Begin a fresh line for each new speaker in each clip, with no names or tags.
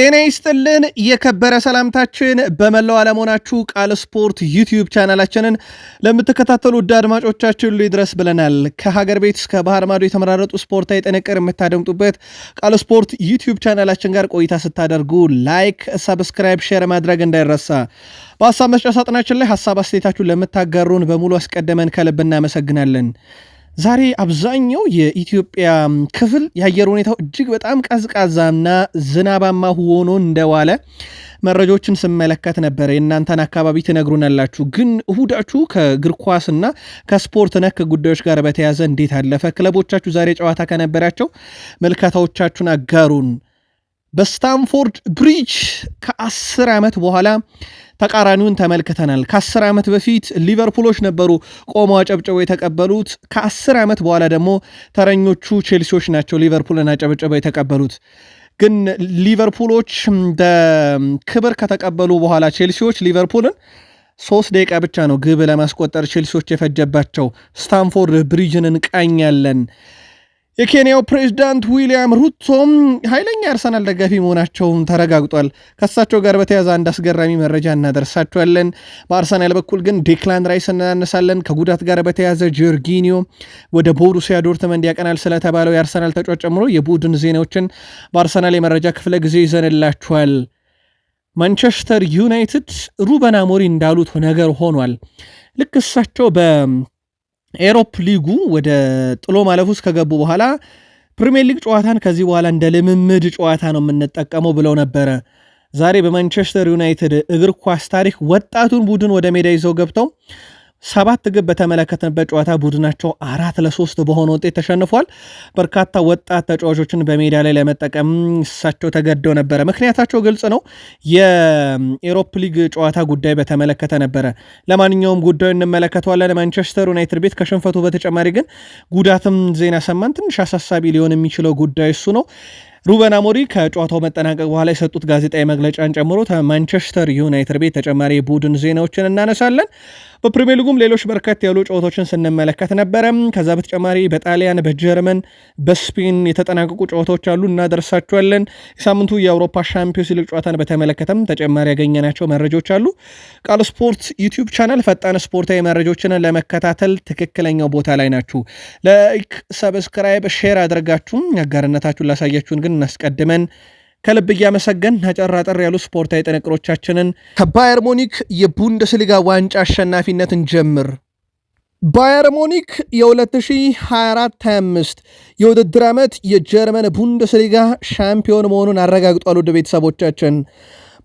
ጤና ይስጥልን የከበረ ሰላምታችን በመላው አለመሆናችሁ ቃል ስፖርት ዩቲዩብ ቻናላችንን ለምትከታተሉ ውድ አድማጮቻችን ይድረስ ብለናል። ከሀገር ቤት እስከ ባህር ማዶ የተመራረጡ ስፖርታዊ ጥንቅር የምታደምጡበት ቃል ስፖርት ዩቲዩብ ቻናላችን ጋር ቆይታ ስታደርጉ ላይክ፣ ሰብስክራይብ፣ ሼር ማድረግ እንዳይረሳ። በሀሳብ መስጫ ሳጥናችን ላይ ሀሳብ አስተያየታችሁን ለምታጋሩን በሙሉ አስቀድመን ከልብ እናመሰግናለን። ዛሬ አብዛኛው የኢትዮጵያ ክፍል የአየር ሁኔታው እጅግ በጣም ቀዝቃዛና ዝናባማ ሆኖ እንደዋለ መረጃዎችን ስመለከት ነበር። የእናንተን አካባቢ ትነግሩናላችሁ። ግን እሁዳችሁ ከእግር ኳስና ከስፖርት ነክ ጉዳዮች ጋር በተያዘ እንዴት አለፈ? ክለቦቻችሁ ዛሬ ጨዋታ ከነበራቸው ምልከታዎቻችሁን አጋሩን። በስታንፎርድ ብሪጅ ከአስር ዓመት በኋላ ተቃራኒውን ተመልክተናል። ከአስር ዓመት በፊት ሊቨርፑሎች ነበሩ ቆመው አጨብጭበው የተቀበሉት። ከአስር ዓመት በኋላ ደግሞ ተረኞቹ ቼልሲዎች ናቸው ሊቨርፑልን አጨብጭበው የተቀበሉት። ግን ሊቨርፑሎች ክብር ከተቀበሉ በኋላ ቼልሲዎች ሊቨርፑልን ሶስት ደቂቃ ብቻ ነው ግብ ለማስቆጠር ቼልሲዎች የፈጀባቸው። ስታንፎርድ ብሪጅንን ቃኛለን። የኬንያው ፕሬዚዳንት ዊልያም ሩቶም ኃይለኛ አርሰናል ደጋፊ መሆናቸውም ተረጋግጧል። ከእሳቸው ጋር በተያዘ አንድ አስገራሚ መረጃ እናደርሳቸዋለን። በአርሰናል በኩል ግን ዴክላን ራይስ እናነሳለን። ከጉዳት ጋር በተያዘ ጆርጊኒዮ ወደ ቦሩሲያ ዶርትመንድ ያቀናል ስለተባለው የአርሰናል ተጫዋች ጨምሮ የቡድን ዜናዎችን በአርሰናል የመረጃ ክፍለ ጊዜ ይዘንላችኋል። ማንቸስተር ዩናይትድ ሩበን አሞሪም እንዳሉት ነገር ሆኗል። ልክ እሳቸው በ ኤሮፕ ሊጉ ወደ ጥሎ ማለፍ ውስጥ ከገቡ በኋላ ፕሪምየር ሊግ ጨዋታን ከዚህ በኋላ እንደ ልምምድ ጨዋታ ነው የምንጠቀመው ብለው ነበረ። ዛሬ በማንቸስተር ዩናይትድ እግር ኳስ ታሪክ ወጣቱን ቡድን ወደ ሜዳ ይዘው ገብተው ሰባት ግብ በተመለከትንበት ጨዋታ ቡድናቸው አራት ለሶስት በሆነ ውጤት ተሸንፏል። በርካታ ወጣት ተጫዋቾችን በሜዳ ላይ ለመጠቀም እሳቸው ተገደው ነበረ። ምክንያታቸው ግልጽ ነው። የኤሮፕ ሊግ ጨዋታ ጉዳይ በተመለከተ ነበረ። ለማንኛውም ጉዳዩ እንመለከተዋለን። ማንቸስተር ዩናይትድ ቤት ከሽንፈቱ በተጨማሪ ግን ጉዳትም ዜና ሰማን። ትንሽ አሳሳቢ ሊሆን የሚችለው ጉዳይ እሱ ነው። ሩበን አሞሪ ከጨዋታው መጠናቀቅ በኋላ የሰጡት ጋዜጣዊ መግለጫን ጨምሮ ማንቸስተር ዩናይትድ ቤት ተጨማሪ የቡድን ዜናዎችን እናነሳለን። በፕሪሚየር ሊጉም ሌሎች በርከት ያሉ ጨዋታዎችን ስንመለከት ነበረ። ከዛ በተጨማሪ በጣሊያን፣ በጀርመን፣ በስፔን የተጠናቀቁ ጨዋታዎች አሉ፣ እናደርሳቸዋለን። የሳምንቱ የአውሮፓ ሻምፒዮንስ ሊግ ጨዋታን በተመለከተም ተጨማሪ ያገኘናቸው መረጃዎች አሉ። ቃል ስፖርት ዩቲዩብ ቻናል ፈጣን ስፖርታዊ መረጃዎችን ለመከታተል ትክክለኛው ቦታ ላይ ናችሁ። ላይክ፣ ሰብስክራይብ፣ ሼር አድርጋችሁም አጋርነታችሁን ላሳያችሁን ግን እናስቀድመን ከልብ እያመሰገን አጠር ጠር ያሉ ስፖርታዊ ጥንቅሮቻችንን ከባየር ሙኒክ የቡንደስሊጋ ዋንጫ አሸናፊነትን ጀምር። ባየር ሙኒክ የ2024/25 የውድድር ዓመት የጀርመን ቡንደስሊጋ ሻምፒዮን መሆኑን አረጋግጧል። ወደ ቤተሰቦቻችን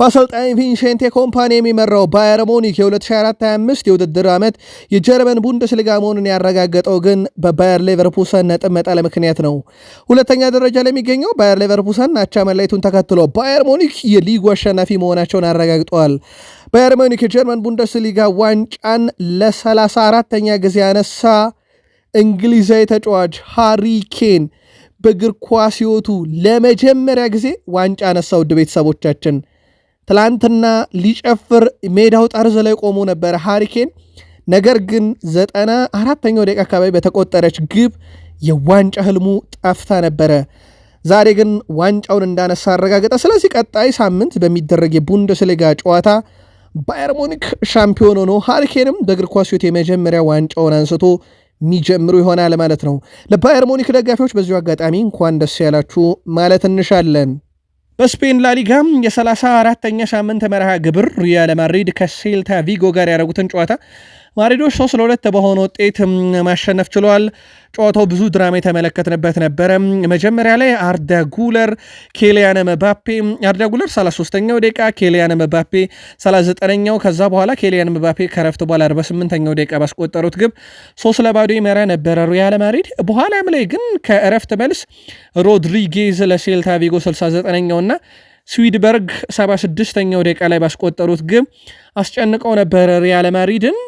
በአሰልጣኝ ቪንሴንቴ ኮምፓኒ የሚመራው ባየር ሙኒክ የ2024/25 የውድድር ዓመት የጀርመን ቡንደስሊጋ መሆኑን ያረጋገጠው ግን በባየር ሌቨርፑሰን ነጥብ መጣል ምክንያት ነው። ሁለተኛ ደረጃ ላይ የሚገኘው ባየር ሌቨርፑሰን አቻ መለያየቱን ተከትሎ ባየር ሙኒክ የሊጉ አሸናፊ መሆናቸውን አረጋግጠዋል። ባየር ሙኒክ የጀርመን ቡንደስሊጋ ዋንጫን ለ34ተኛ ጊዜ ያነሳ እንግሊዛዊ ተጫዋች ሃሪ ኬን በእግር ኳስ ሕይወቱ ለመጀመሪያ ጊዜ ዋንጫ አነሳ። ውድ ቤተሰቦቻችን ትላንትና ሊጨፍር ሜዳው ጠርዝ ላይ ቆሞ ነበረ ሃሪኬን። ነገር ግን ዘጠና አራተኛው ደቂቃ አካባቢ በተቆጠረች ግብ የዋንጫ ህልሙ ጠፍታ ነበረ። ዛሬ ግን ዋንጫውን እንዳነሳ አረጋገጠ። ስለዚህ ቀጣይ ሳምንት በሚደረግ የቡንደስሊጋ ጨዋታ ባየር ሙኒክ ሻምፒዮን ሆኖ ሃሪኬንም በእግር ኳስ ሕይወት የመጀመሪያ ዋንጫውን አንስቶ የሚጀምሩ ይሆናል ማለት ነው። ለባየር ሙኒክ ደጋፊዎች በዚሁ አጋጣሚ እንኳን ደስ ያላችሁ ማለት እንሻለን። በስፔን ላሊጋ የ 34 ሳምንት መርሃ ግብር ሪያል ማድሪድ ከሴልታ ቪጎ ጋር ያደረጉትን ጨዋታ ማድሪዶች ሶስት ለሁለት በሆነ ውጤት ማሸነፍ ችሏል። ጨዋታው ብዙ ድራማ የተመለከትንበት ነበረ። መጀመሪያ ላይ አርዳ ጉለር፣ ኬሊያን መባፔ አርዳ ጉለር 33ኛው ደቂቃ፣ ኬሊያን መባፔ 39ኛው። ከዛ በኋላ ኬሊያን መባፔ ከረፍት በኋላ 48ኛው ደቂቃ ባስቆጠሩት ግብ ሶስት ለባዶ ይመራ ነበረ ሪያል ማድሪድ። በኋላም ላይ ግን ከእረፍት መልስ ሮድሪጌዝ ለሴልታ ቪጎ 69ኛውና ኛው ስዊድበርግ 76ኛው ደቂቃ ላይ ባስቆጠሩት ግብ አስጨንቀው ነበረ ሪያል ማድሪድን።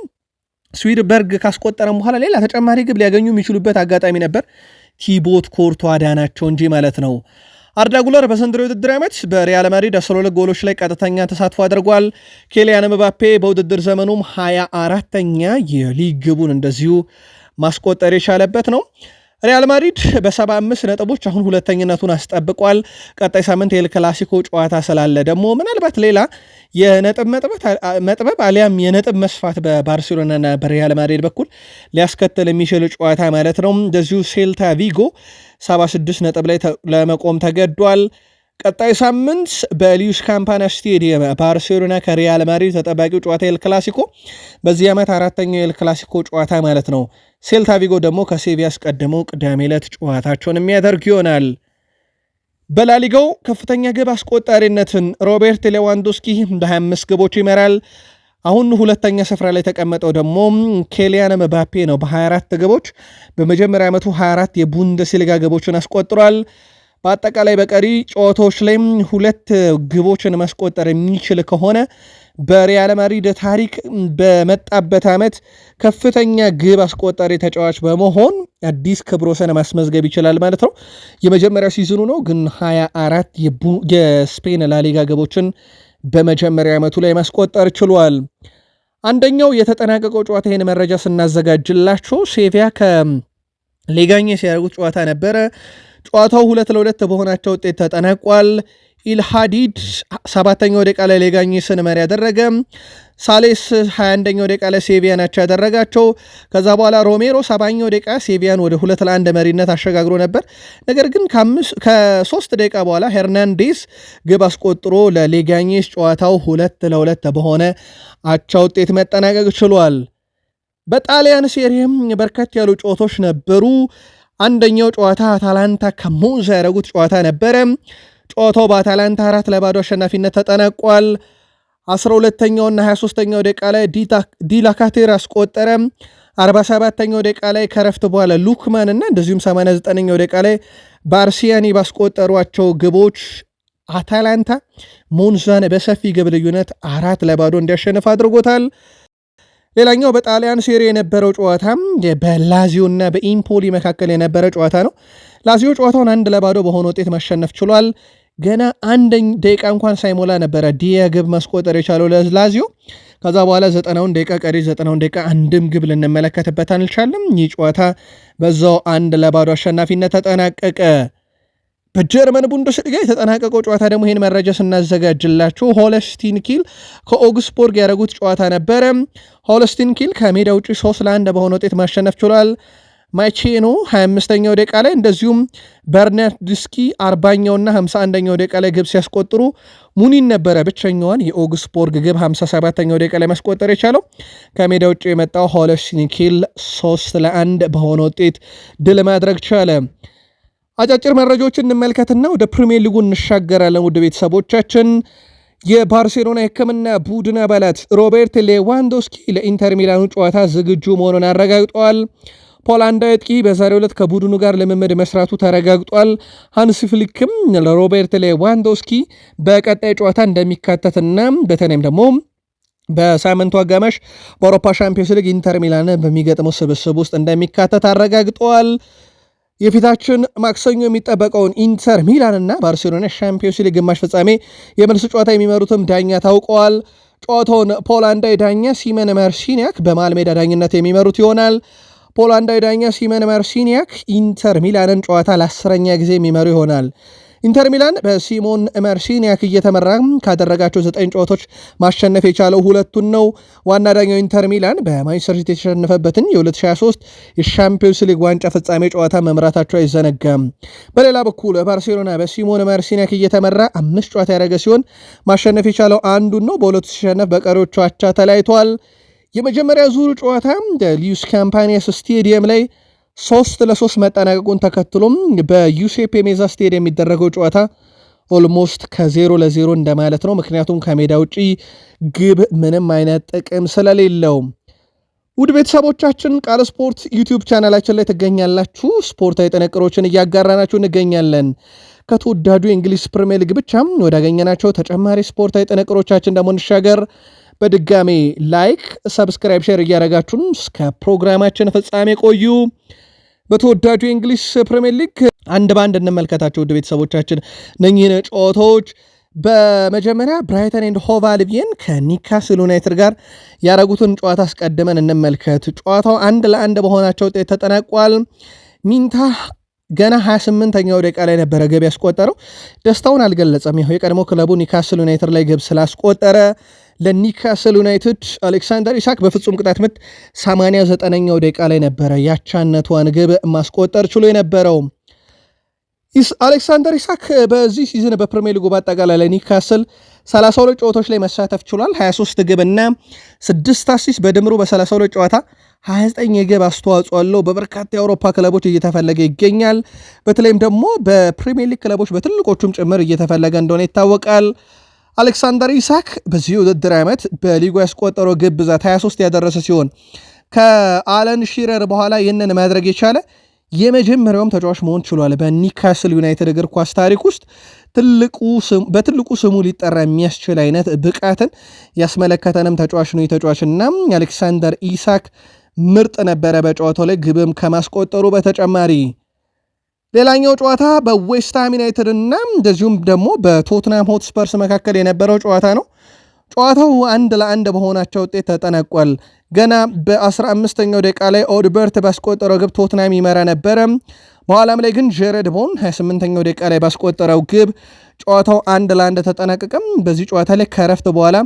ስዊድበርግ ካስቆጠረም በኋላ ሌላ ተጨማሪ ግብ ሊያገኙ የሚችሉበት አጋጣሚ ነበር። ቲቦት ኮርቶ አዳናቸው እንጂ ማለት ነው። አርዳ ጉለር በዘንድሮ የውድድር ዓመት በሪያል ማድሪድ 12 ጎሎች ላይ ቀጥተኛ ተሳትፎ አድርጓል። ኬሊያን መባፔ በውድድር ዘመኑም 24ተኛ የሊግ ግቡን እንደዚሁ ማስቆጠር የቻለበት ነው። ሪያል ማድሪድ በ75 ነጥቦች አሁን ሁለተኝነቱን አስጠብቋል። ቀጣይ ሳምንት የኤል ክላሲኮ ጨዋታ ስላለ ደግሞ ምናልባት ሌላ የነጥብ መጥበብ አሊያም የነጥብ መስፋት በባርሴሎናና በሪያል ማድሪድ በኩል ሊያስከትል የሚችል ጨዋታ ማለት ነው። እንደዚሁ ሴልታ ቪጎ 76 ነጥብ ላይ ለመቆም ተገዷል። ቀጣይ ሳምንት በሊዩስ ካምፓና ስቴዲየም ባርሴሎና ከሪያል ማድሪድ ተጠባቂው ጨዋታ ኤል ክላሲኮ፣ በዚህ ዓመት አራተኛው ኤል ክላሲኮ ጨዋታ ማለት ነው። ሴልታ ቪጎ ደግሞ ከሴቪያ አስቀድመው ቅዳሜ ዕለት ጨዋታቸውን የሚያደርግ ይሆናል። በላሊጋው ከፍተኛ ግብ አስቆጣሪነትን ሮቤርት ሌዋንዶስኪ በ25 ግቦች ይመራል። አሁን ሁለተኛ ስፍራ ላይ ተቀመጠው ደግሞ ኬሊያን መባፔ ነው በ24 ግቦች። በመጀመሪያ ዓመቱ 24 የቡንደስሊጋ ግቦችን አስቆጥሯል። በአጠቃላይ በቀሪ ጨዋታዎች ላይም ሁለት ግቦችን ማስቆጠር የሚችል ከሆነ በሪያል ማድሪድ ታሪክ በመጣበት ዓመት ከፍተኛ ግብ አስቆጣሪ ተጫዋች በመሆን አዲስ ክብረ ወሰን ማስመዝገብ ይችላል ማለት ነው። የመጀመሪያ ሲዝኑ ነው ግን 24 የስፔን ላሊጋ ግቦችን በመጀመሪያ ዓመቱ ላይ ማስቆጠር ችሏል። አንደኛው የተጠናቀቀው ጨዋታ ይህን መረጃ ስናዘጋጅላቸው ሴቪያ ከሌጋኝ ሲያደርጉት ጨዋታ ነበረ። ጨዋታው ሁለት ለሁለት በሆናቸው ውጤት ተጠናቋል። ኢልሃዲድ ሰባተኛው ደቂቃ ላይ ሌጋኝስን መሪ ያደረገ፣ ሳሌስ 21ኛው ደቂቃ ላይ ሴቪያ ናቸው ያደረጋቸው። ከዛ በኋላ ሮሜሮ ሰባኛው ደቂቃ ሴቪያን ወደ ሁለት ለአንድ መሪነት አሸጋግሮ ነበር። ነገር ግን ከሶስት ደቂቃ በኋላ ሄርናንዴስ ግብ አስቆጥሮ ለሌጋኝስ ጨዋታው ሁለት ለሁለት በሆነ አቻ ውጤት መጠናቀቅ ችሏል። በጣሊያን ሴሪም በርከት ያሉ ጨዋታዎች ነበሩ። አንደኛው ጨዋታ አታላንታ ከሞንዛ ያደረጉት ጨዋታ ነበረ። ጨዋታው በአታላንታ አራት ለባዶ አሸናፊነት ተጠናቋል። ኛውና 23 23ኛው ደቂቃ ላይ ዲላካቴር አስቆጠረ። ኛው ደቂቃ ላይ ከረፍት በኋላ ሉክማን እና እንደዚሁም 89ኛው ደቂቃ ላይ ባርሲያኒ ባስቆጠሯቸው ግቦች አታላንታ ሞንዛን በሰፊ ግብ ልዩነት አራት ለባዶ እንዲያሸንፍ አድርጎታል። ሌላኛው በጣሊያን ሴሪ የነበረው ጨዋታ በላዚዮ በላዚዮና በኢምፖሊ መካከል የነበረ ጨዋታ ነው። ላዚዮ ጨዋታውን አንድ ለባዶ በሆነ ውጤት ማሸነፍ ችሏል። ገና አንድ ደቂቃ እንኳን ሳይሞላ ነበረ ዲያ ግብ ማስቆጠር የቻለው ለላዚዮ። ከዛ በኋላ ዘጠናውን ደቂቃ ቀሪ ዘጠናውን ደቂቃ አንድም ግብ ልንመለከትበት አልቻልም። ይህ ጨዋታ በዛው አንድ ለባዶ አሸናፊነት ተጠናቀቀ። በጀርመን ቡንደስሊጋ የተጠናቀቀው ጨዋታ ደግሞ ይህን መረጃ ስናዘጋጅላችሁ ሆለስቲን ኪል ከኦግስቦርግ ያደረጉት ጨዋታ ነበረ። ሆለስቲን ኪል ከሜዳ ውጭ ሶስት ለአንድ በሆነ ውጤት ማሸነፍ ችሏል። ማቼኖ 25ኛው ደቂቃ ላይ እንደዚሁም በርናርድስኪ 40ኛውና 51ኛው ደቂቃ ላይ ግብ ሲያስቆጥሩ ሙኒን ነበረ ብቸኛዋን የኦግስቦርግ ግብ 57ኛው ደቂቃ ላይ ማስቆጠር የቻለው። ከሜዳ ውጭ የመጣው ሆለስቲን ኪል ለ1 በሆነ ውጤት ድል ማድረግ ቻለ። አጫጭር መረጃዎችን እንመልከትና ወደ ፕሪሚየር ሊጉ እንሻገራለን። ውድ ቤተሰቦቻችን የባርሴሎና የሕክምና ቡድን አባላት ሮቤርት ሌዋንዶስኪ ለኢንተር ሚላኑ ጨዋታ ዝግጁ መሆኑን አረጋግጠዋል። ፖላንዳዊ አጥቂ በዛሬው ዕለት ከቡድኑ ጋር ልምምድ መስራቱ ተረጋግጧል። ሃንስ ፍሊክም ለሮቤርት ሌዋንዶስኪ በቀጣይ ጨዋታ እንደሚካተትና በተለይም ደግሞ በሳምንቱ አጋማሽ በአውሮፓ ሻምፒዮንስ ሊግ ኢንተር ሚላን በሚገጥመው ስብስብ ውስጥ እንደሚካተት አረጋግጠዋል። የፊታችን ማክሰኞ የሚጠበቀውን ኢንተር ሚላን ባርሴሎና ሻምፒዮንስ ሊግ ግማሽ ፍጻሜ የመልስ ጨዋታ የሚመሩትም ዳኛ ታውቀዋል። ጨዋታውን ፖላንዳዊ ዳኛ ሲመን መርሲኒያክ በመሃል ሜዳ ዳኝነት የሚመሩት ይሆናል። ፖላንዳዊ ዳኛ ሲመን መርሲኒያክ ኢንተር ሚላንን ጨዋታ ለአስረኛ ጊዜ የሚመሩ ይሆናል። ኢንተር ሚላን በሲሞን መርሲኒያክ እየተመራ ካደረጋቸው ዘጠኝ ጨዋታዎች ማሸነፍ የቻለው ሁለቱን ነው። ዋና ዳኛው ኢንተር ሚላን በማንቸስተር ሲቲ የተሸነፈበትን የ2023 የሻምፒዮንስ ሊግ ዋንጫ ፍጻሜ ጨዋታ መምራታቸው አይዘነጋም። በሌላ በኩል ባርሴሎና በሲሞን መርሲኒያክ እየተመራ አምስት ጨዋታ ያደረገ ሲሆን ማሸነፍ የቻለው አንዱን ነው። በሁለቱ ሲሸነፍ በቀሪዎቹ አቻ ተለያይቷል። የመጀመሪያ ዙር ጨዋታ ሉዊስ ካምፓኒያስ ስቴዲየም ላይ ሶስት ለሶስት መጠናቀቁን ተከትሎም በዩሴፕ ሜዛ ስቴድ የሚደረገው ጨዋታ ኦልሞስት ከዜሮ ለዜሮ እንደማለት ነው። ምክንያቱም ከሜዳ ውጪ ግብ ምንም አይነት ጥቅም ስለሌለው ውድ ቤተሰቦቻችን ቃል ስፖርት ዩቲዩብ ቻናላችን ላይ ትገኛላችሁ። ስፖርታዊ ጥንቅሮችን እያጋራናችሁ እንገኛለን። ከተወዳጁ የእንግሊዝ ፕሪሚየር ሊግ ብቻም ወዳገኘናቸው ተጨማሪ ስፖርታዊ ጥንቅሮቻችን ደግሞ እንሻገር። በድጋሜ ላይክ፣ ሰብስክራይብ፣ ሼር እያደረጋችሁን እስከ ፕሮግራማችን ፍጻሜ ቆዩ። በተወዳጁ የእንግሊዝ ፕሪምየር ሊግ አንድ በአንድ እንመልከታቸው ውድ ቤተሰቦቻችን እነኚህን ጨዋታዎች። በመጀመሪያ ብራይተን ኤንድ ሆቭ አልቢየን ከኒካስል ዩናይትድ ጋር ያደረጉትን ጨዋታ አስቀድመን እንመልከት። ጨዋታው አንድ ለአንድ በሆናቸው ውጤት ተጠናቋል። ሚንታ ገና 28ኛው ደቂቃ ላይ ነበረ ገቢ ያስቆጠረው። ደስታውን አልገለጸም። ያው የቀድሞ ክለቡ ኒካስል ዩናይትድ ላይ ግብ ስላስቆጠረ ለኒካስል ዩናይትድ አሌክሳንደር ኢሳክ በፍጹም ቅጣት ምት 89ኛው ደቂቃ ላይ ነበረ ያቻነቷን ግብ ማስቆጠር ችሎ የነበረው። አሌክሳንደር ኢሳክ በዚህ ሲዝን በፕሪሚየር ሊጉ በአጠቃላይ ለኒካስል 32 ጨዋታዎች ላይ መሳተፍ ችሏል። 23 ግብ እና 6 አሲስ በድምሩ በ32 ጨዋታ 29 የግብ አስተዋጽኦ አለው። በበርካታ የአውሮፓ ክለቦች እየተፈለገ ይገኛል። በተለይም ደግሞ በፕሪሚየር ሊግ ክለቦች በትልቆቹም ጭምር እየተፈለገ እንደሆነ ይታወቃል። አሌክሳንደር ኢሳክ በዚህ ውድድር ዓመት በሊጉ ያስቆጠረው ግብ ብዛት 23 ያደረሰ ሲሆን ከአለን ሺረር በኋላ ይህንን ማድረግ የቻለ የመጀመሪያውም ተጫዋች መሆን ችሏል። በኒካስል ዩናይትድ እግር ኳስ ታሪክ ውስጥ በትልቁ ስሙ ሊጠራ የሚያስችል አይነት ብቃትን ያስመለከተንም ተጫዋች ነው። ተጫዋችና አሌክሳንደር ኢሳክ ምርጥ ነበረ። በጨዋታው ላይ ግብም ከማስቆጠሩ በተጨማሪ ሌላኛው ጨዋታ በዌስትሃም ዩናይትድ እና እንደዚሁም ደግሞ በቶትናም ሆትስፐርስ መካከል የነበረው ጨዋታ ነው። ጨዋታው አንድ ለአንድ በሆናቸው ውጤት ተጠናቋል። ገና በ15ኛው ደቂቃ ላይ ኦድበርት ባስቆጠረው ግብ ቶትናም ይመራ ነበረ። በኋላም ላይ ግን ጀረድ ቦን 28ኛው ደቂቃ ላይ ባስቆጠረው ግብ ጨዋታው አንድ ለአንድ ተጠናቀቀም። በዚህ ጨዋታ ላይ ከረፍት በኋላ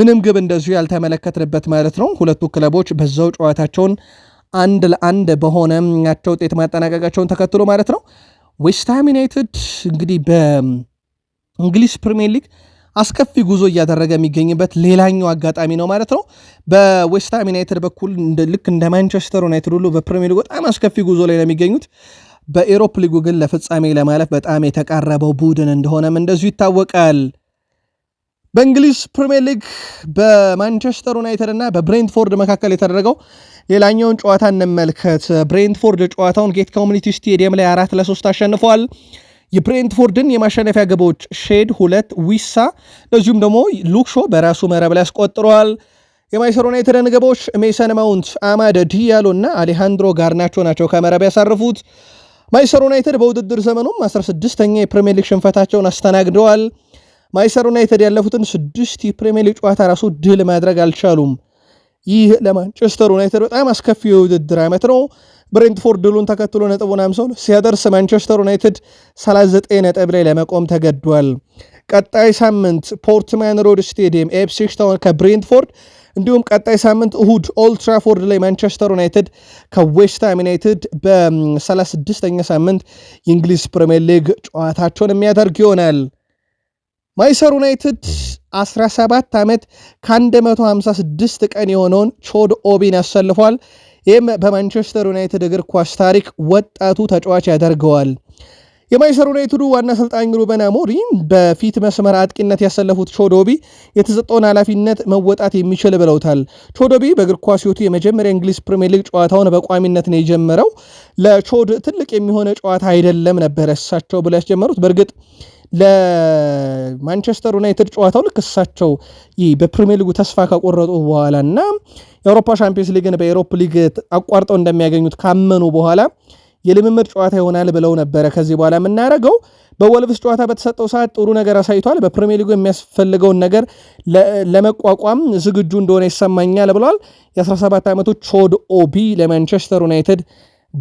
ምንም ግብ እንደዚሁ ያልተመለከትንበት ማለት ነው። ሁለቱ ክለቦች በዛው ጨዋታቸውን አንድ ለአንድ በሆነ አቻ ውጤት ማጠናቀቃቸውን ተከትሎ ማለት ነው። ዌስትሃም ዩናይትድ እንግዲህ በእንግሊዝ ፕሪሚየር ሊግ አስከፊ ጉዞ እያደረገ የሚገኝበት ሌላኛው አጋጣሚ ነው ማለት ነው። በዌስትሃም ዩናይትድ በኩል ልክ እንደ ማንቸስተር ዩናይትድ ሁሉ በፕሪሚየር ሊግ በጣም አስከፊ ጉዞ ላይ ነው የሚገኙት። በኤሮፕ ሊጉ ግን ለፍጻሜ ለማለፍ በጣም የተቃረበው ቡድን እንደሆነም እንደዚሁ ይታወቃል። በእንግሊዝ ፕሪምየር ሊግ በማንቸስተር ዩናይትድ እና በብሬንትፎርድ መካከል የተደረገው ሌላኛውን ጨዋታ እንመልከት። ብሬንትፎርድ ጨዋታውን ጌት ኮሚኒቲ ስቴዲየም ላይ አራት ለሶስት አሸንፏል። የብሬንትፎርድን የማሸነፊያ ግቦች ሼድ ሁለት፣ ዊሳ እንደዚሁም ደግሞ ሉክሾ በራሱ መረብ ላይ አስቆጥረዋል። የማንቸስተር ዩናይትድን ግቦች ሜሰን ማውንት፣ አማደ ዲያሎ እና አሌሃንድሮ ጋርናቾ ናቸው ከመረብ ያሳርፉት። ማንቸስተር ዩናይትድ በውድድር ዘመኑም 16ኛ የፕሪምየር ሊግ ሽንፈታቸውን አስተናግደዋል። ማንቸስተር ዩናይትድ ያለፉትን ስድስት የፕሪሚየር ሊግ ጨዋታ ራሱ ድል ማድረግ አልቻሉም። ይህ ለማንቸስተር ዩናይትድ በጣም አስከፊ የውድድር ዓመት ነው። ብሬንትፎርድ ድሉን ተከትሎ ነጥቡን አምሳውን ሲያደርስ ማንቸስተር ዩናይትድ 39 ነጥብ ላይ ለመቆም ተገዷል። ቀጣይ ሳምንት ፖርትማን ሮድ ስቴዲየም ኤፕሲች ታውን ከብሬንትፎርድ እንዲሁም ቀጣይ ሳምንት እሁድ ኦልትራፎርድ ላይ ማንቸስተር ዩናይትድ ከዌስትሃም ዩናይትድ በ36ኛ ሳምንት የእንግሊዝ ፕሪምየር ሊግ ጨዋታቸውን የሚያደርግ ይሆናል። ማይሰር ዩናይትድ 17 ዓመት ከ156 ቀን የሆነውን ቾድ ኦቢን ያሰልፏል። ይህም በማንቸስተር ዩናይትድ እግር ኳስ ታሪክ ወጣቱ ተጫዋች ያደርገዋል። የማንቸስተር ዩናይትዱ ዋና አሰልጣኝ ሩበን አሞሪም በፊት መስመር አጥቂነት ያሰለፉት ቾዶቢ የተሰጠውን ኃላፊነት መወጣት የሚችል ብለውታል። ቾዶቢ በእግር ኳስ ሕይወቱ የመጀመሪያ እንግሊዝ ፕሪምየር ሊግ ጨዋታውን በቋሚነት ነው የጀመረው። ለቾድ ትልቅ የሚሆነ ጨዋታ አይደለም ነበረ እሳቸው ብለው ያስጀመሩት በእርግጥ ለማንቸስተር ዩናይትድ ጨዋታው ልክ እሳቸው በፕሪሚየር ሊጉ ተስፋ ከቆረጡ በኋላ እና የአውሮፓ ሻምፒዮንስ ሊግን በኤሮፕ ሊግ አቋርጠው እንደሚያገኙት ካመኑ በኋላ የልምምድ ጨዋታ ይሆናል ብለው ነበረ። ከዚህ በኋላ የምናደርገው በወልቭስ ጨዋታ በተሰጠው ሰዓት ጥሩ ነገር አሳይቷል። በፕሪሚየር ሊጉ የሚያስፈልገውን ነገር ለመቋቋም ዝግጁ እንደሆነ ይሰማኛል ብለዋል። የ17 ዓመቱ ቾድ ኦቢ ለማንቸስተር ዩናይትድ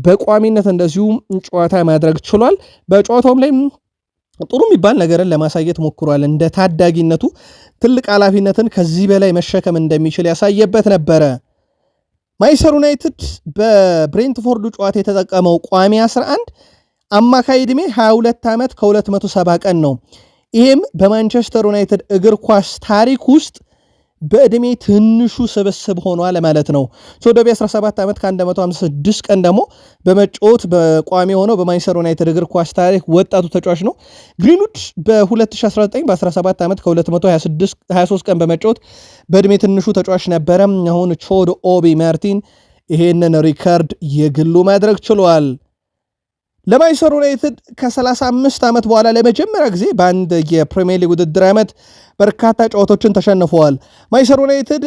በቋሚነት እንደዚሁ ጨዋታ ማድረግ ችሏል። በጨዋታውም ላይ ጥሩ የሚባል ነገርን ለማሳየት ሞክሯል። እንደ ታዳጊነቱ ትልቅ ኃላፊነትን ከዚህ በላይ መሸከም እንደሚችል ያሳየበት ነበረ። ማይሰር ዩናይትድ በብሬንትፎርዱ ጨዋታ የተጠቀመው ቋሚ 11 አማካይ ዕድሜ 22 ዓመት ከ270 ቀን ነው። ይህም በማንቸስተር ዩናይትድ እግር ኳስ ታሪክ ውስጥ በእድሜ ትንሹ ስብስብ ሆኗ ማለት ነው። ሶዶቢ 17 ዓመት ከ156 ቀን ደግሞ በመጫወት በቋሚ ሆነው በማንቸስተር ዩናይትድ እግር ኳስ ታሪክ ወጣቱ ተጫዋች ነው። ግሪንውድ በ2019 በ17 ዓመት ከ223 ቀን በመጫወት በእድሜ ትንሹ ተጫዋች ነበረ። አሁን ቾድ ኦቢ ማርቲን ይሄንን ሪከርድ የግሉ ማድረግ ችሏል። ለማንቸስተር ዩናይትድ ከ35 ዓመት በኋላ ለመጀመሪያ ጊዜ በአንድ የፕሪሚየር ሊግ ውድድር ዓመት በርካታ ጨዋታዎችን ተሸንፈዋል። ማንቸስተር ዩናይትድ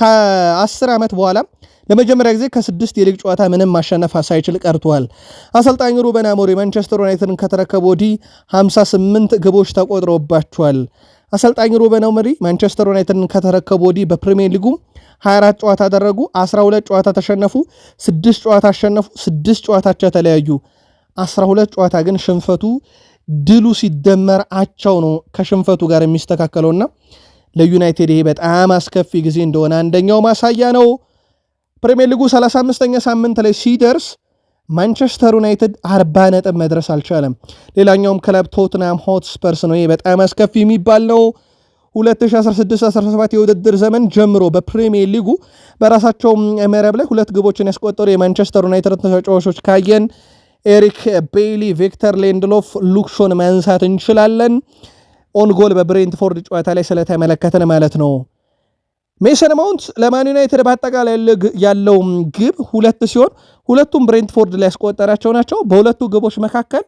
ከ10 ዓመት በኋላ ለመጀመሪያ ጊዜ ከስድስት የሊግ ጨዋታ ምንም ማሸነፍ ሳይችል ቀርቷል። አሰልጣኝ ሩበን አሞሪ ማንቸስተር ዩናይትድን ከተረከቡ ወዲህ 58 ግቦች ተቆጥሮባቸዋል አሰልጣኝ ሩበን አሞሪ ማንቸስተር ዩናይትድን ከተረከቡ ወዲህ በፕሪሚየር ሊጉ 24 ጨዋታ አደረጉ፣ 12 ጨዋታ ተሸነፉ፣ 6 ጨዋታ አሸነፉ፣ 6 ጨዋታቸው የተለያዩ 12 ጨዋታ ግን ሽንፈቱ ድሉ ሲደመር አቻው ነው ከሽንፈቱ ጋር የሚስተካከለውና ለዩናይትድ ይሄ በጣም አስከፊ ጊዜ እንደሆነ አንደኛው ማሳያ ነው። ፕሪሚየር ሊጉ 35ኛ ሳምንት ላይ ሲደርስ ማንቸስተር ዩናይትድ 40 ነጥብ መድረስ አልቻለም። ሌላኛውም ክለብ ቶትናም ሆትስፐርስ ነው። ይሄ በጣም አስከፊ የሚባል ነው። 2016-17 የውድድር ዘመን ጀምሮ በፕሪሚየር ሊጉ በራሳቸው መረብ ላይ ሁለት ግቦችን ያስቆጠሩ የማንቸስተር ዩናይትድ ተጫዋቾች ካየን ኤሪክ ቤይሊ፣ ቪክተር ሌንድሎፍ፣ ሉክሾን ማንሳት እንችላለን። ኦን ጎል በብሬንትፎርድ ጨዋታ ላይ ስለተመለከትን ማለት ነው። ሜሰን ማውንት ለማን ዩናይትድ በአጠቃላይ ያለው ግብ ሁለት ሲሆን ሁለቱም ብሬንትፎርድ ላይ ያስቆጠራቸው ናቸው። በሁለቱ ግቦች መካከል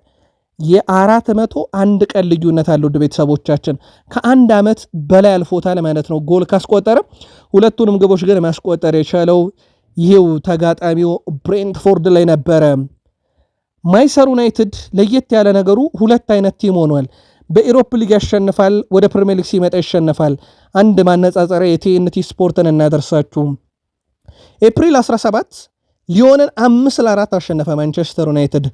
የአራት መቶ አንድ ቀን ልዩነት አለው። ውድ ቤተሰቦቻችን ከአንድ ዓመት በላይ አልፎታል ማለት ነው። ጎል ካስቆጠረ ሁለቱንም ግቦች ግን ማስቆጠር የቻለው ይህው ተጋጣሚው ብሬንትፎርድ ላይ ነበረ። ማይሰር ዩናይትድ ለየት ያለ ነገሩ ሁለት አይነት ቲም ሆኗል። በኢሮፕ ሊግ ያሸንፋል፣ ወደ ፕሪሚየር ሊግ ሲመጣ ይሸንፋል። አንድ ማነጻጸሪያ የቲኤንቲ ስፖርትን እናደርሳችሁ። ኤፕሪል 17 ሊዮንን አምስት ለአራት አሸነፈ ማንቸስተር ዩናይትድ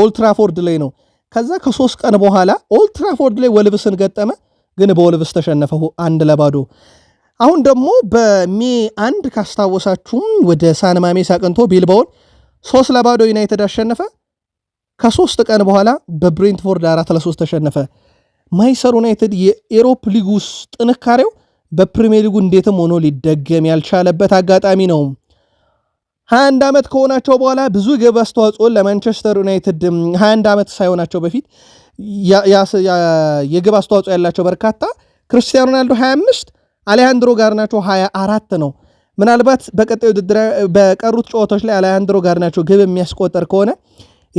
ኦልትራፎርድ ላይ ነው። ከዛ ከሶስት ቀን በኋላ ኦልትራፎርድ ላይ ወልብስን ገጠመ፣ ግን በወልብስ ተሸነፈ አንድ ለባዶ። አሁን ደግሞ በሜ አንድ ካስታወሳችሁም ወደ ሳንማሜስ አቅንቶ ቢልባውን ሶስት ለባዶ ዩናይትድ አሸነፈ። ከሶስት ቀን በኋላ በብሬንትፎርድ አራት ለሶስት ተሸነፈ። ማይሰር ዩናይትድ የኤሮፕ ሊግ ውስጥ ጥንካሬው በፕሪሚየር ሊጉ እንዴትም ሆኖ ሊደገም ያልቻለበት አጋጣሚ ነው 21 ዓመት ከሆናቸው በኋላ ብዙ ግብ አስተዋጽኦን ለማንቸስተር ዩናይትድ 21 ዓመት ሳይሆናቸው በፊት የግብ አስተዋጽኦ ያላቸው በርካታ ክርስቲያኖ ሮናልዶ 25 አሌሃንድሮ ጋርናቾ 24 ነው። ምናልባት በቀጣዩ ውድድር በቀሩት ጨዋታዎች ላይ አሌሃንድሮ ጋርናቾ ግብ የሚያስቆጠር ከሆነ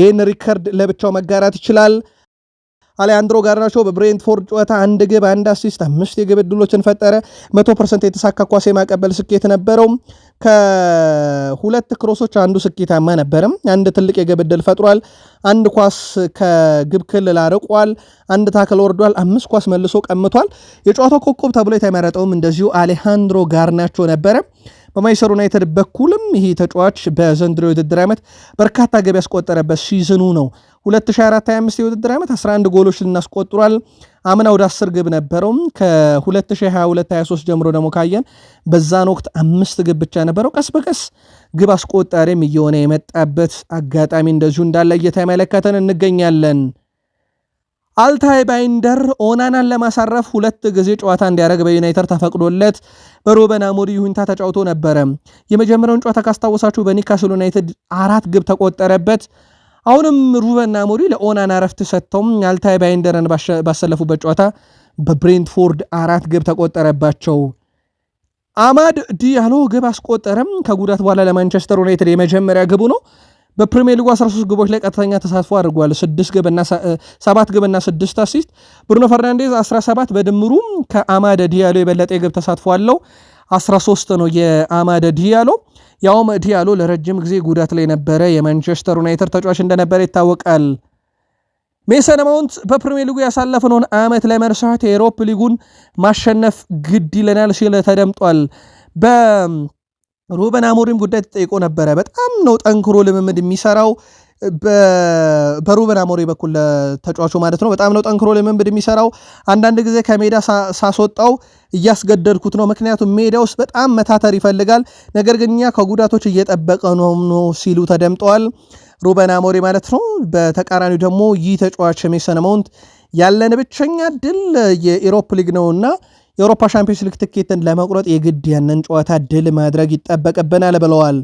ይህን ሪከርድ ለብቻው መጋራት ይችላል። አሊያንድሮ ጋርናቾ በብሬንትፎርድ ጨዋታ አንድ ግብ፣ አንድ አሲስት፣ አምስት የግብ ዕድሎችን ፈጠረ። 100% የተሳካ ኳስ የማቀበል ስኬት ነበረው። ከሁለት ክሮሶች አንዱ ስኬታማ ነበረም። አንድ ትልቅ የግብ ዕድል ፈጥሯል። አንድ ኳስ ከግብ ክልል አርቋል። አንድ ታክል ወርዷል። አምስት ኳስ መልሶ ቀምቷል። የጨዋታው ኮከብ ተብሎ የተመረጠውም እንደዚሁ አሌሃንድሮ ጋርናቾ ነበረ። በማይሰር ዩናይትድ በኩልም ይህ ተጫዋች በዘንድሮ የውድድር ዓመት በርካታ ገቢ ያስቆጠረበት ሲዝኑ ነው። 2024/25 የውድድር ዓመት 11 ጎሎች ልናስቆጥሯል። አምና ወደ 10 ግብ ነበረው። ከ2022/23 ጀምሮ ደግሞ ካየን በዛን ወቅት አምስት ግብ ብቻ ነበረው። ቀስ በቀስ ግብ አስቆጣሪም እየሆነ የመጣበት አጋጣሚ እንደዚሁ እንዳለ እየተመለከተን እንገኛለን። አልታይ ባይንደር ኦናናን ለማሳረፍ ሁለት ጊዜ ጨዋታ እንዲያደርግ በዩናይትድ ተፈቅዶለት በሩበን አሞሪ ይሁንታ ተጫውቶ ነበረ። የመጀመሪያውን ጨዋታ ካስታወሳችሁ በኒካስል ዩናይትድ አራት ግብ ተቆጠረበት። አሁንም ሩበን አሞሪ ለኦናና ረፍት ሰጥተውም አልታይ ባይንደርን ባሰለፉበት ጨዋታ በብሬንትፎርድ አራት ግብ ተቆጠረባቸው። አማድ ዲያሎ ግብ አስቆጠረም። ከጉዳት በኋላ ለማንቸስተር ዩናይትድ የመጀመሪያ ግቡ ነው። በፕሪሚየር ሊጉ 13 ግቦች ላይ ቀጥተኛ ተሳትፎ አድርጓል። 6 ግብና 7 ግብና 6 አሲስት። ብሩኖ ፈርናንዴዝ 17 በድምሩ ከአማደ ዲያሎ የበለጠ የግብ ተሳትፎ አለው። 13 ነው የአማደ ዲያሎ። ያውም ዲያሎ ለረጅም ጊዜ ጉዳት ላይ ነበረ። የማንቸስተር ዩናይትድ ተጫዋች እንደነበረ ይታወቃል። ሜሰን ማውንት በፕሪሚየር ሊጉ ያሳለፍነውን ዓመት ለመርሳት የአውሮፓ ሊጉን ማሸነፍ ግድ ይለናል ሲል ተደምጧል። በ ሩበን አሞሪም ጉዳይ ተጠይቆ ነበረ። በጣም ነው ጠንክሮ ልምምድ የሚሰራው በሩበን አሞሪ በኩል ተጫዋቹ ማለት ነው። በጣም ነው ጠንክሮ ልምምድ የሚሰራው። አንዳንድ ጊዜ ከሜዳ ሳስወጣው እያስገደድኩት ነው፣ ምክንያቱም ሜዳ ውስጥ በጣም መታተር ይፈልጋል። ነገር ግን እኛ ከጉዳቶች እየጠበቀ ነው ነው ሲሉ ተደምጠዋል። ሩበን አሞሪ ማለት ነው። በተቃራኒው ደግሞ ይህ ተጫዋች ሜሰን ማውንት ያለን ብቸኛ ድል የኢሮፕ ሊግ ነውና የአውሮፓ ሻምፒዮንስ ሊግ ትኬትን ለመቁረጥ የግድ ያንን ጨዋታ ድል ማድረግ ይጠበቅብናል ብለዋል።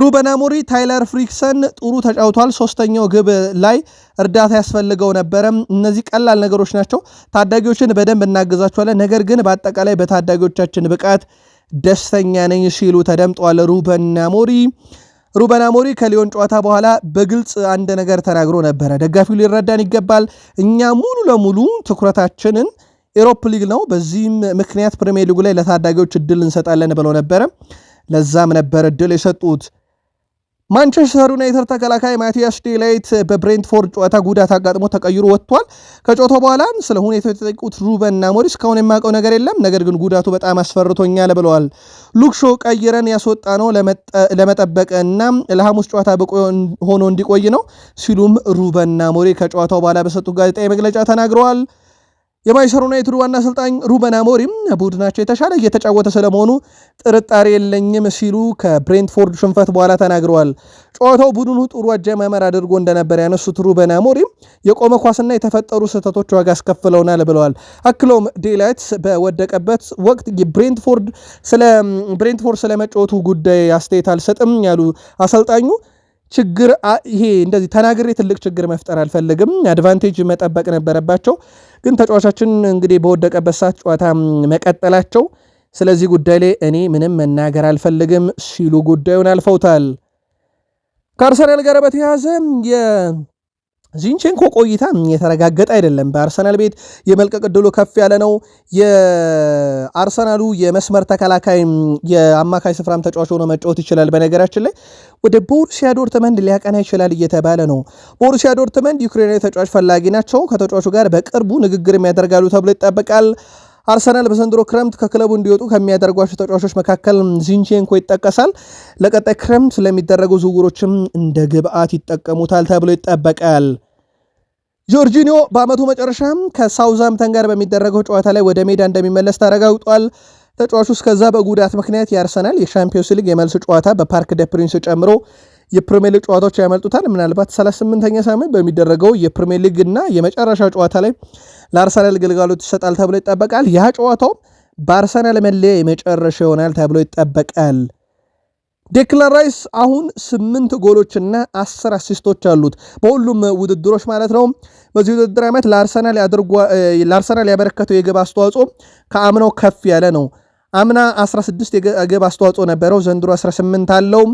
ሩበን አሞሪ ታይለር ፍሪክሰን ጥሩ ተጫውቷል፣ ሶስተኛው ግብ ላይ እርዳታ ያስፈልገው ነበረ። እነዚህ ቀላል ነገሮች ናቸው። ታዳጊዎችን በደንብ እናግዛቸዋለን፣ ነገር ግን በአጠቃላይ በታዳጊዎቻችን ብቃት ደስተኛ ነኝ ሲሉ ተደምጧል። ሩበን አሞሪ። ሩበን አሞሪ ከሊዮን ጨዋታ በኋላ በግልጽ አንድ ነገር ተናግሮ ነበረ። ደጋፊው ሊረዳን ይገባል። እኛ ሙሉ ለሙሉ ትኩረታችንን ኤሮፕ ሊግ ነው። በዚህም ምክንያት ፕሪሚየር ሊጉ ላይ ለታዳጊዎች እድል እንሰጣለን ብለው ነበረ። ለዛም ነበር እድል የሰጡት። ማንቸስተር ዩናይትድ ተከላካይ ማቲያስ ዴላይት በብሬንትፎርድ ጨዋታ ጉዳት አጋጥሞ ተቀይሮ ወጥቷል። ከጨዋታው በኋላ ስለ ሁኔታው የተጠቁት ሩበን አሞሪም እስካሁን የማውቀው ነገር የለም፣ ነገር ግን ጉዳቱ በጣም አስፈርቶኛል ብለዋል። ሉክሾ ቀይረን ያስወጣ ነው ለመጠበቅ እና ለሐሙስ ጨዋታ ብቁ ሆኖ እንዲቆይ ነው ሲሉም ሩበን አሞሪም ከጨዋታው በኋላ በሰጡት ጋዜጣዊ መግለጫ ተናግረዋል። የማይሰሩና ዩናይትድ ዋና አሰልጣኝ ሩበን አሞሪም ቡድናቸው የተሻለ እየተጫወተ ስለመሆኑ ጥርጣሬ የለኝም ሲሉ ከብሬንትፎርድ ሽንፈት በኋላ ተናግረዋል። ጨዋታው ቡድኑ ጥሩ አጀማመር አድርጎ እንደነበር ያነሱት ሩበን አሞሪም የቆመ ኳስና የተፈጠሩ ስህተቶች ዋጋ አስከፍለውናል ብለዋል። አክለውም ዴላይት በወደቀበት ወቅት ብሬንትፎርድ ስለ ብሬንትፎርድ ስለመጫወቱ ጉዳይ አስተያየት አልሰጥም ያሉ አሰልጣኙ ችግር ይሄ እንደዚህ ተናግሬ ትልቅ ችግር መፍጠር አልፈልግም፣ አድቫንቴጅ መጠበቅ ነበረባቸው ግን ተጫዋቻችን እንግዲህ በወደቀበት ሰዓት ጨዋታ መቀጠላቸው ስለዚህ ጉዳይ ላይ እኔ ምንም መናገር አልፈልግም ሲሉ ጉዳዩን አልፈውታል። ከአርሰናል ጋር በተያያዘ ዚንቼንኮ ቆይታ የተረጋገጠ አይደለም። በአርሰናል ቤት የመልቀቅ ዕድሉ ከፍ ያለ ነው። የአርሰናሉ የመስመር ተከላካይ የአማካይ ስፍራም ተጫዋች ሆኖ መጫወት ይችላል። በነገራችን ላይ ወደ ቦሩሲያ ዶርትመንድ ሊያቀና ይችላል እየተባለ ነው። ቦሩሲያ ዶርትመንድ ዩክሬናዊ ተጫዋች ፈላጊ ናቸው። ከተጫዋቹ ጋር በቅርቡ ንግግር የሚያደርጋሉ ተብሎ ይጠበቃል። አርሰናል በዘንድሮ ክረምት ከክለቡ እንዲወጡ ከሚያደርጓቸው ተጫዋቾች መካከል ዚንቼንኮ ይጠቀሳል። ለቀጣይ ክረምት ለሚደረጉ ዝውውሮችም እንደ ግብአት ይጠቀሙታል ተብሎ ይጠበቃል። ጆርጂኒዮ በዓመቱ መጨረሻም ከሳውዛምተን ጋር በሚደረገው ጨዋታ ላይ ወደ ሜዳ እንደሚመለስ ተረጋግጧል። ተጫዋቹ እስከዛ በጉዳት ምክንያት የአርሰናል የሻምፒዮንስ ሊግ የመልስ ጨዋታ በፓርክ ደ ፕሪንስ ጨምሮ የፕሪሚየር ሊግ ጨዋታዎች ያመልጡታል። ምናልባት 38ኛ ሳምንት በሚደረገው የፕሪሚየር ሊግ እና የመጨረሻ ጨዋታ ላይ ለአርሰናል ግልጋሎት ይሰጣል ተብሎ ይጠበቃል። ያ ጨዋታውም በአርሰናል መለያ የመጨረሻ ይሆናል ተብሎ ይጠበቃል። ዴክላን ራይስ አሁን ስምንት ጎሎችና አስር አሲስቶች አሉት በሁሉም ውድድሮች ማለት ነው። በዚህ ውድድር ዓመት ለአርሰናል ያበረከተው የግብ አስተዋጽኦ ከአምናው ከፍ ያለ ነው። አምና 16 የግብ አስተዋጽኦ ነበረው፣ ዘንድሮ 18 አለው።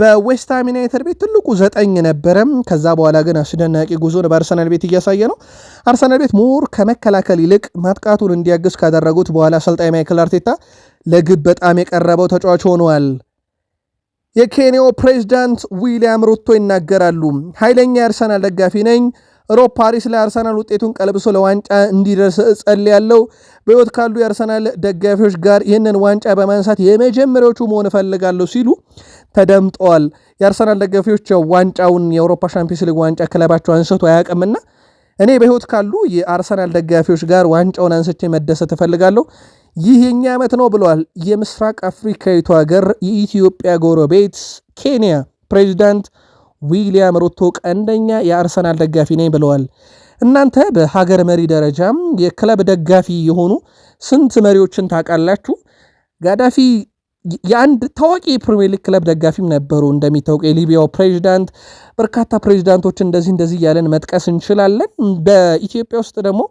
በዌስትሃም ዩናይትድ ቤት ትልቁ ዘጠኝ ነበረ። ከዛ በኋላ ግን አስደናቂ ጉዞን በአርሰናል ቤት እያሳየ ነው። አርሰናል ቤት ሞር ከመከላከል ይልቅ ማጥቃቱን እንዲያግዝ ካደረጉት በኋላ አሰልጣኝ ማይክል አርቴታ ለግብ በጣም የቀረበው ተጫዋች ሆኗል። የኬንያው ፕሬዚዳንት ዊሊያም ሩቶ ይናገራሉ። ኃይለኛ የአርሰናል ደጋፊ ነኝ። ሮብ ፓሪስ ለአርሰናል አርሰናል ውጤቱን ቀልብሶ ለዋንጫ እንዲደርስ እጸልያለሁ። በሕይወት ካሉ የአርሰናል ደጋፊዎች ጋር ይህንን ዋንጫ በማንሳት የመጀመሪያዎቹ መሆን እፈልጋለሁ ሲሉ ተደምጠዋል። የአርሰናል ደጋፊዎች ዋንጫውን የአውሮፓ ሻምፒዮንስ ሊግ ዋንጫ ክለባቸው አንስቶ አያውቅምና እኔ በሕይወት ካሉ የአርሰናል ደጋፊዎች ጋር ዋንጫውን አንስቼ መደሰት እፈልጋለሁ ይህ የኛ ዓመት ነው ብለዋል። የምስራቅ አፍሪካዊቱ ሀገር የኢትዮጵያ ጎረቤት ኬንያ ፕሬዚዳንት ዊሊያም ሩቶ ቀንደኛ የአርሰናል ደጋፊ ነኝ ብለዋል። እናንተ በሀገር መሪ ደረጃም የክለብ ደጋፊ የሆኑ ስንት መሪዎችን ታውቃላችሁ? ጋዳፊ የአንድ ታዋቂ የፕሪሚየር ሊግ ክለብ ደጋፊም ነበሩ። እንደሚታወቅ የሊቢያው ፕሬዚዳንት፣ በርካታ ፕሬዚዳንቶች እንደዚህ እንደዚህ እያለን መጥቀስ እንችላለን። በኢትዮጵያ ውስጥ ደግሞ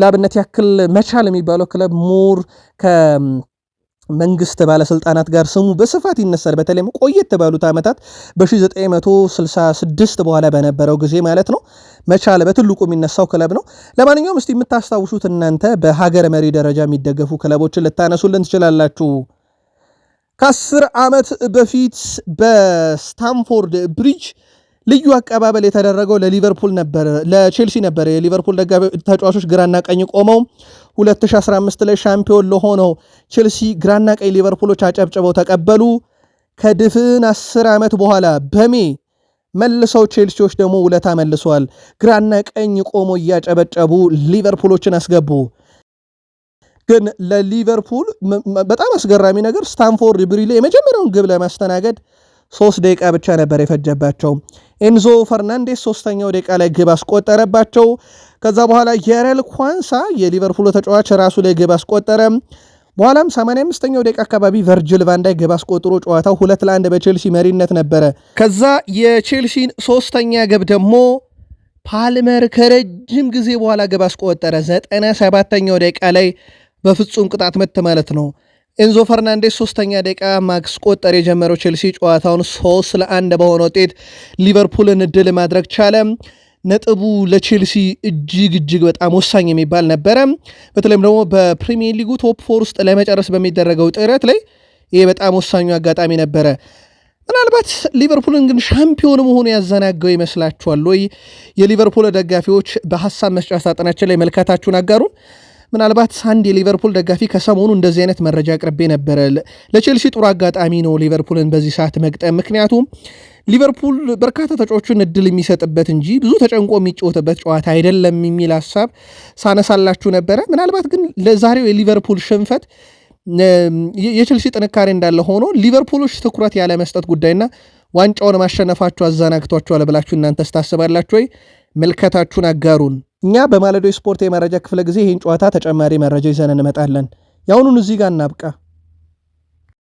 ለአብነት ያክል መቻል የሚባለው ክለብ ሞር ከመንግስት ባለስልጣናት ጋር ስሙ በስፋት ይነሳል። በተለይም ቆየት ባሉት ዓመታት በ1966 በኋላ በነበረው ጊዜ ማለት ነው። መቻል በትልቁ የሚነሳው ክለብ ነው። ለማንኛውም እስቲ የምታስታውሱት እናንተ በሀገር መሪ ደረጃ የሚደገፉ ክለቦችን ልታነሱልን ትችላላችሁ። ከአስር ዓመት በፊት በስታንፎርድ ብሪጅ ልዩ አቀባበል የተደረገው ለሊቨርፑል ነበረ፣ ለቼልሲ ነበረ። የሊቨርፑል ተጫዋቾች ግራና ቀኝ ቆመው 2015 ላይ ሻምፒዮን ለሆነው ቼልሲ ግራና ቀኝ ሊቨርፑሎች አጨብጭበው ተቀበሉ። ከድፍን 10 ዓመት በኋላ በሜ መልሰው ቼልሲዎች ደግሞ ውለታ መልሰዋል። ግራና ቀኝ ቆሞ እያጨበጨቡ ሊቨርፑሎችን አስገቡ። ግን ለሊቨርፑል በጣም አስገራሚ ነገር ስታንፎርድ ብሪሌ የመጀመሪያውን ግብ ለማስተናገድ ሶስት ደቂቃ ብቻ ነበር የፈጀባቸው። ኤንዞ ፈርናንዴስ ሶስተኛው ደቂቃ ላይ ግብ አስቆጠረባቸው። ከዛ በኋላ የረል ኳንሳ የሊቨርፑል ተጫዋች ራሱ ላይ ግብ አስቆጠረ። በኋላም 85ኛው ደቂቃ አካባቢ ቨርጅል ቫንዳይ ግብ አስቆጥሮ ጨዋታው ሁለት ለአንድ በቼልሲ መሪነት ነበረ። ከዛ የቼልሲን ሶስተኛ ግብ ደግሞ ፓልመር ከረጅም ጊዜ በኋላ ግብ አስቆጠረ። 97ኛው ደቂቃ ላይ በፍጹም ቅጣት ምት ማለት ነው። ኤንዞ ፈርናንዴስ ሶስተኛ ደቂቃ ማስቆጠር የጀመረው ቼልሲ ጨዋታውን ሶስት ለአንድ በሆነ ውጤት ሊቨርፑልን ድል ማድረግ ቻለ። ነጥቡ ለቼልሲ እጅግ እጅግ በጣም ወሳኝ የሚባል ነበረ። በተለይም ደግሞ በፕሪሚየር ሊጉ ቶፕ ፎር ውስጥ ለመጨረስ በሚደረገው ጥረት ላይ ይህ በጣም ወሳኙ አጋጣሚ ነበረ። ምናልባት ሊቨርፑልን ግን ሻምፒዮን መሆኑ ያዘናገው ይመስላችኋል ወይ? የሊቨርፑል ደጋፊዎች በሀሳብ መስጫ ሳጥናችን ላይ መልካታችሁን አጋሩን። ምናልባት አንድ የሊቨርፑል ደጋፊ ከሰሞኑ እንደዚህ አይነት መረጃ አቅርቤ ነበረ። ለቼልሲ ጥሩ አጋጣሚ ነው ሊቨርፑልን በዚህ ሰዓት መግጠም፣ ምክንያቱም ሊቨርፑል በርካታ ተጫዋቾችን እድል የሚሰጥበት እንጂ ብዙ ተጨንቆ የሚጫወትበት ጨዋታ አይደለም የሚል ሀሳብ ሳነሳላችሁ ነበረ። ምናልባት ግን ለዛሬው የሊቨርፑል ሽንፈት የቼልሲ ጥንካሬ እንዳለ ሆኖ ሊቨርፑሎች ትኩረት ያለ መስጠት ጉዳይና ዋንጫውን ማሸነፋቸው አዘናግቷችኋል ብላችሁ እናንተስ ታስባላችሁ ወይ? ምልከታችሁን አጋሩን። እኛ በማለዶ ስፖርት የመረጃ ክፍለ ጊዜ ይህን ጨዋታ ተጨማሪ መረጃ ይዘን እንመጣለን። የአሁኑን እዚህ ጋር እናብቃ።